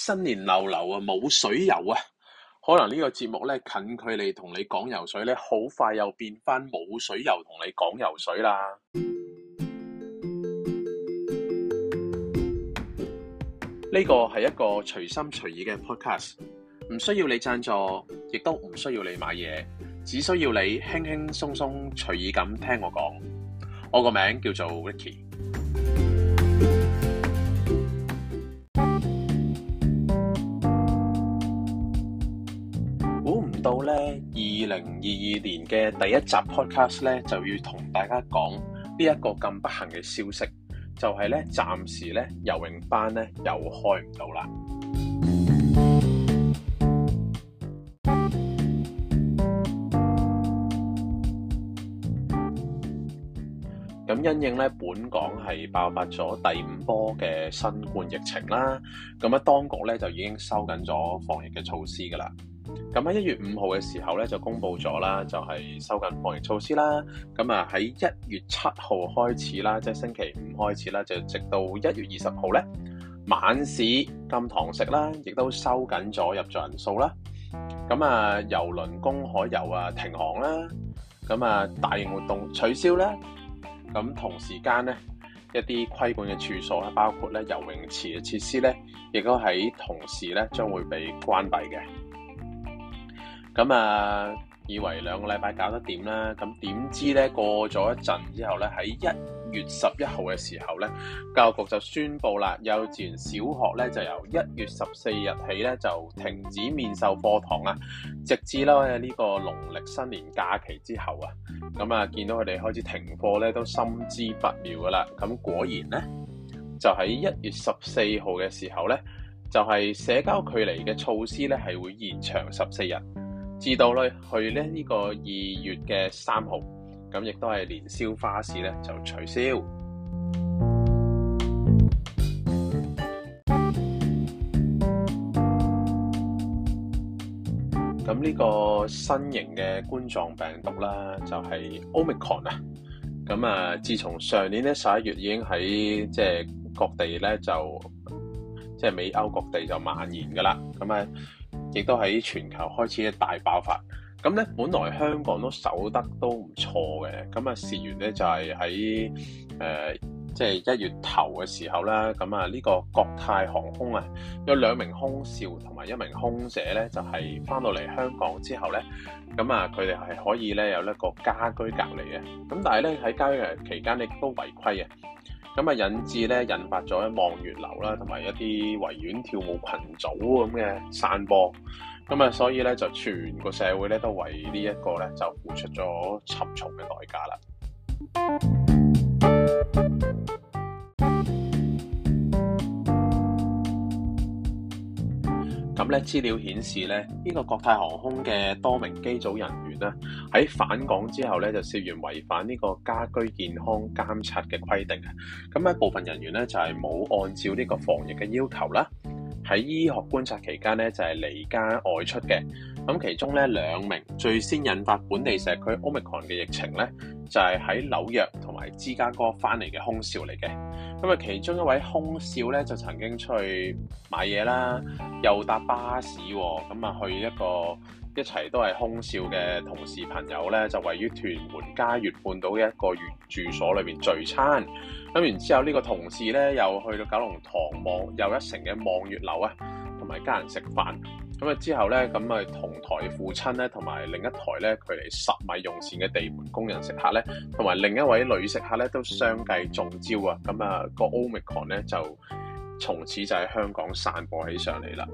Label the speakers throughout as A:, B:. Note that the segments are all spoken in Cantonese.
A: 新年流流啊，冇水游啊，可能呢個節目咧近距離同你講游水咧，好快又變翻冇水游同你講游水啦。呢個係一個隨心隨意嘅 podcast，唔需要你贊助，亦都唔需要你買嘢，只需要你輕輕鬆鬆隨意咁聽我講。我個名叫做 Ricky。零二二年嘅第一集 podcast 咧，就要同大家講呢一個咁不幸嘅消息，就係、是、咧暫時咧游泳班咧又開唔到啦。咁、嗯、因應咧，本港係爆發咗第五波嘅新冠疫情啦，咁啊，當局咧就已經收緊咗防疫嘅措施噶啦。咁喺一月五號嘅時候咧，就公布咗啦，就係、是、收緊防疫措施啦。咁啊，喺一月七號開始啦，即係星期五開始啦，就直到一月二十號咧，晚市禁堂食啦，亦都收緊咗入座人數啦。咁啊，游輪、公海游啊停航啦、啊。咁啊，大型活動取消啦。咁同時間咧，一啲規管嘅處所，包括咧游泳池嘅設施咧，亦都喺同時咧將會被關閉嘅。咁啊，以為兩個禮拜搞得掂啦，咁點知咧過咗一陣之後咧，喺一月十一號嘅時候咧，教育局就宣布啦，幼稚園、小學咧就由一月十四日起咧就停止面授課堂啦，直至咧呢個農曆新年假期之後啊。咁啊，見到佢哋開始停課咧，都心知不妙噶啦。咁果然咧，就喺一月十四號嘅時候咧，就係社交距離嘅措施咧，係會延長十四日。至到咧，去咧呢、呢個二月嘅三號，咁亦都係年宵花市咧就取消。咁呢個新型嘅冠狀病毒啦，就係、是、Omicron 啊。咁啊，自從上年咧十一月已經喺即係各地咧就即係、就是、美歐各地就蔓延噶啦，咁啊。亦都喺全球開始一大爆發，咁咧本來香港都守得都唔錯嘅，咁啊事完咧就係喺誒即係一月頭嘅時候啦，咁啊呢個國泰航空啊有兩名空少同埋一名空姐咧就係返到嚟香港之後咧，咁啊佢哋係可以咧有一個家居隔離嘅，咁但係咧喺家居期間亦都違規嘅。咁啊引致咧，引發咗望月樓啦，同埋一啲維園跳舞群組咁嘅散播。咁啊，所以咧就全個社會咧都為呢一個咧就付出咗沉重嘅代價啦。咁咧，資料顯示咧，呢個國泰航空嘅多名機組人員咧，喺返港之後咧，就涉嫌違反呢個家居健康監察嘅規定。咁一部分人員咧就係冇按照呢個防疫嘅要求啦，喺醫學觀察期間咧就係離家外出嘅。咁其中咧兩名最先引發本地社區 Omicron 嘅疫情咧，就係喺紐約同埋芝加哥翻嚟嘅空少嚟嘅。咁啊，其中一位空少咧就曾經出去買嘢啦，又搭巴士喎。咁啊，去一個一齊都係空少嘅同事朋友咧，就位於屯門嘉悅半島嘅一個月住所裏面聚餐。咁然之後呢個同事咧又去到九龍塘望又一城嘅望月樓啊，同埋家人食飯。咁啊之後咧，咁啊同台父親咧，同埋另一台咧，佢哋十米用線嘅地盤工人食客咧，同埋另一位女食客咧，都相繼中招啊！咁、那、啊個奧密 o n 咧，就從此就喺香港散播起上嚟啦。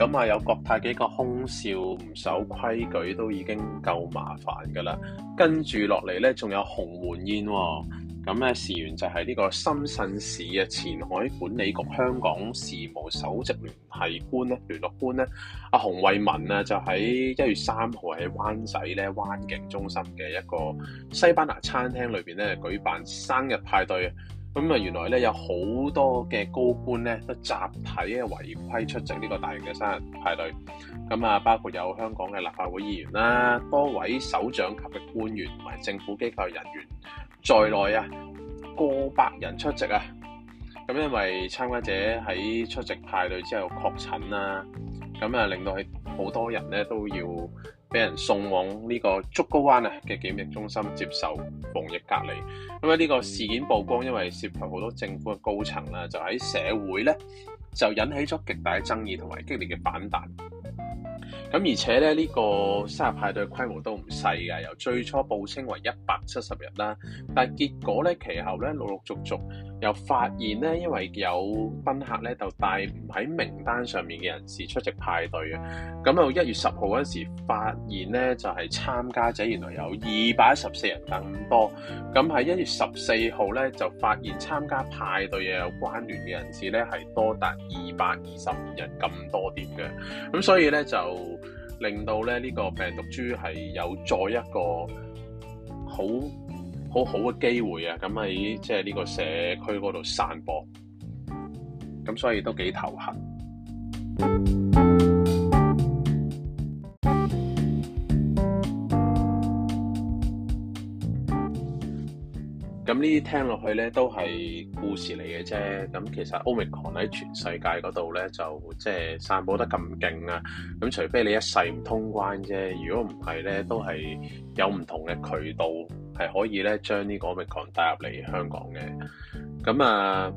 A: 咁啊有國泰幾個空少唔守規矩都已經夠麻煩㗎啦，跟住落嚟呢，仲有洪門宴喎、哦，咁呢事源就係呢個深圳市嘅前海管理局香港事務首席聯繫官咧聯絡官咧，阿洪為民呢，文就喺一月三號喺灣仔咧灣景中心嘅一個西班牙餐廳裏邊咧舉辦生日派對。咁啊，原來咧有好多嘅高官咧都集體嘅違規出席呢個大型嘅生日派對。咁啊，包括有香港嘅立法會議員啦，多位首長級嘅官員同埋政府機構人員在內啊，過百人出席啊。咁因為參加者喺出席派對之後確診啦，咁啊令到好多人咧都要。俾人送往呢個竹篙灣啊嘅檢疫中心接受防疫隔離。咁喺呢個事件曝光，因為涉及好多政府嘅高層啦，就喺社會咧就引起咗極大嘅爭議同埋激烈嘅反彈。咁而且咧，呢個生日派對規模都唔細嘅，由最初報稱為一百七十人啦，但係結果咧其後咧陸陸續續。隆隆隆隆隆又發現咧，因為有賓客咧，就帶唔喺名單上面嘅人士出席派對嘅，咁到一月十號嗰時發現咧，就係、是、參加者原來有二百一十四人更多，咁喺一月十四號咧就發現參加派對嘅有關聯嘅人士咧，係多達二百二十五人咁多點嘅，咁所以咧就令到咧呢、這個病毒株係有再一個好。好好嘅機會啊！咁喺即係呢個社區嗰度散播，咁所以都幾頭痕。咁呢啲聽落去咧，都係故事嚟嘅啫。咁其實 Omicron 喺全世界嗰度咧，就即係散播得咁勁啊！咁除非你一世唔通關啫，如果唔係咧，都係有唔同嘅渠道。係可以咧，將呢個 Omicron 帶入嚟香港嘅。咁啊，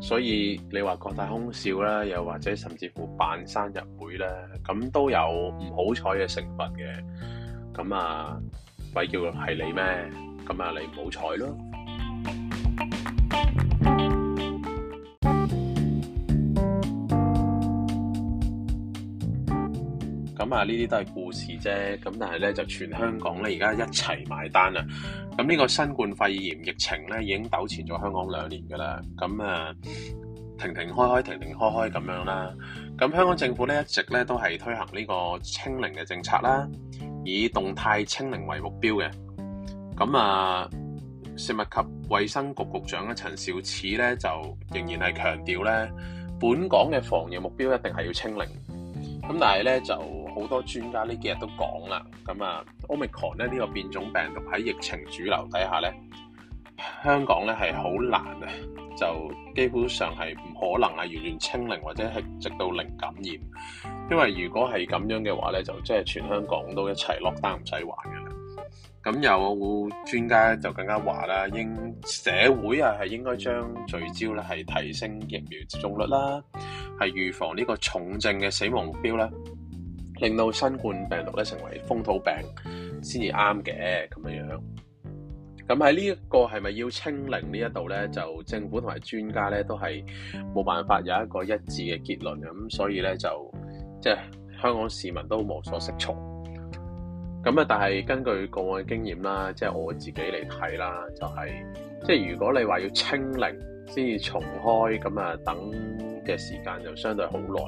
A: 所以你話各大空少啦，又或者甚至乎辦生日會啦，咁都有唔好彩嘅成分嘅，咁啊，鬼叫係你咩？咁啊，你唔好彩咯。咁啊！呢啲都係故事啫。咁但係呢，就全香港呢而家一齊埋單啦。咁呢個新冠肺炎疫情呢，已經糾纏咗香港兩年噶啦。咁啊，停停開開，停停開開咁樣啦。咁香港政府呢，一直呢都係推行呢個清零嘅政策啦，以動態清零為目標嘅。咁啊，食物及衛生局局長啊，陳肇始呢，就仍然係強調呢，本港嘅防疫目標一定係要清零。咁但係呢，就。好多專家呢幾日都講啦，咁啊，Omicron 咧呢個變種病毒喺疫情主流底下咧，香港咧係好難啊，就基本上係唔可能啊完全清零或者係直到零感染，因為如果係咁樣嘅話咧，就即係全香港都一齊落單唔使玩嘅啦。咁有專家就更加話啦，應社會啊係應該將聚焦咧係提升疫苗接種率啦，係預防呢個重症嘅死亡目標咧。令到新冠病毒咧成為風土病先至啱嘅，咁樣樣咁，喺呢一個係咪要清零呢一度咧？就政府同埋專家咧都係冇辦法有一個一致嘅結論，咁，所以咧就即係香港市民都無所適從。咁啊，但係根據個案經驗啦，即係我自己嚟睇啦，就係、是、即係如果你話要清零。先至重開，咁啊等嘅時間就相對好耐。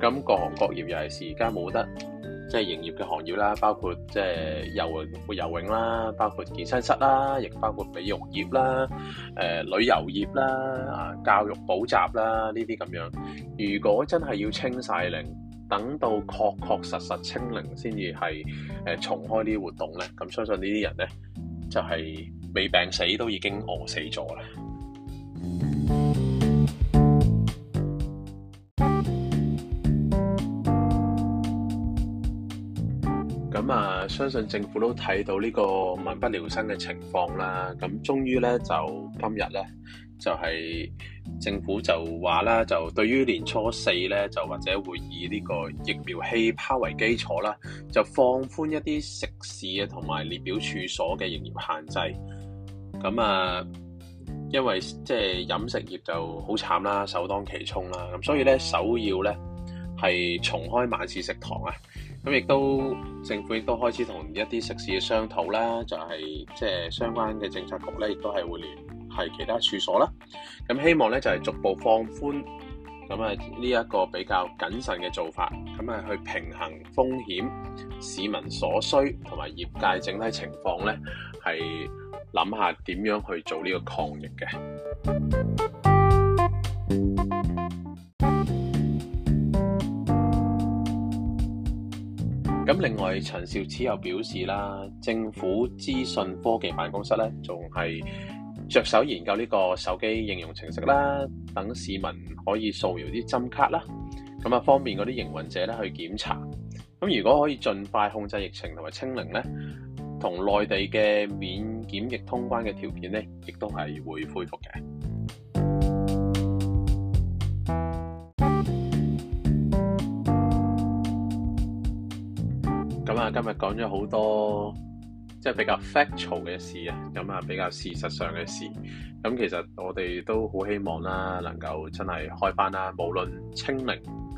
A: 咁各行各業又係而家冇得，即係營業嘅行業啦，包括即係遊游泳啦，包括健身室啦，亦包括美容業啦，誒旅遊業啦，啊教育補習啦呢啲咁樣。如果真係要清晒零，等到確確實實清零先至係誒重開呢啲活動咧，咁相信呢啲人咧就係未病死都已經餓死咗啦。相信政府都睇到呢個民不聊生嘅情況啦，咁終於呢，就今日呢，就係、是、政府就話啦，就對於年初四呢，就或者會以呢個疫苗氣泡為基礎啦，就放寬一啲食肆啊同埋表列處所嘅營業限制。咁啊，因為即係飲食業就好慘啦，首當其衝啦，咁所以呢，首要呢係重開晚市食堂啊！咁亦都政府亦都開始同一啲食肆嘅商討啦，就係即係相關嘅政策局咧，亦都係會聯繫其他處所啦。咁希望咧就係、是、逐步放寬，咁啊呢一個比較謹慎嘅做法，咁啊去平衡風險、市民所需同埋業界整體情況咧，係諗下點樣去做呢個抗疫嘅。咁另外，陳肇始又表示啦，政府資訊科技辦公室咧，仲係着手研究呢個手機應用程式啦，等市民可以掃描啲針卡啦，咁啊方便嗰啲營運者咧去檢查。咁如果可以盡快控制疫情同埋清零咧，同內地嘅免檢疫通關嘅條件咧，亦都係會恢復嘅。今日講咗好多即係比較 factual 嘅事啊，咁啊比較事實上嘅事，咁其實我哋都好希望啦，能夠真係開翻啦，無論清明。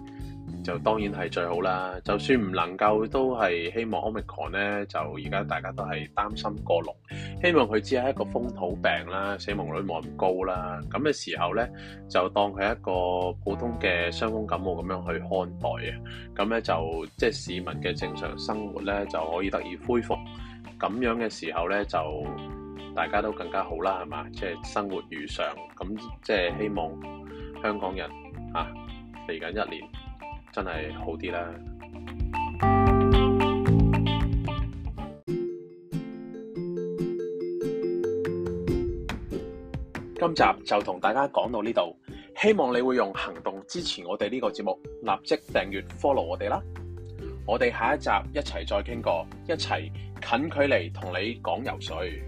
A: 就當然係最好啦。就算唔能夠，都係希望 Omicron 咧就而家大家都係擔心過龍，希望佢只係一個風土病啦，死亡率冇咁高啦。咁嘅時候咧，就當佢一個普通嘅傷風感冒咁樣去看待啊。咁咧就即係、就是、市民嘅正常生活咧就可以得以恢復。咁樣嘅時候咧，就大家都更加好啦，係嘛？即、就、係、是、生活如常。咁即係希望香港人啊嚟緊一年。真係好啲啦！今集就同大家講到呢度，希望你會用行動支持我哋呢個節目，立即訂閱、follow 我哋啦！我哋下一集一齊再傾過，一齊近距離同你講游水。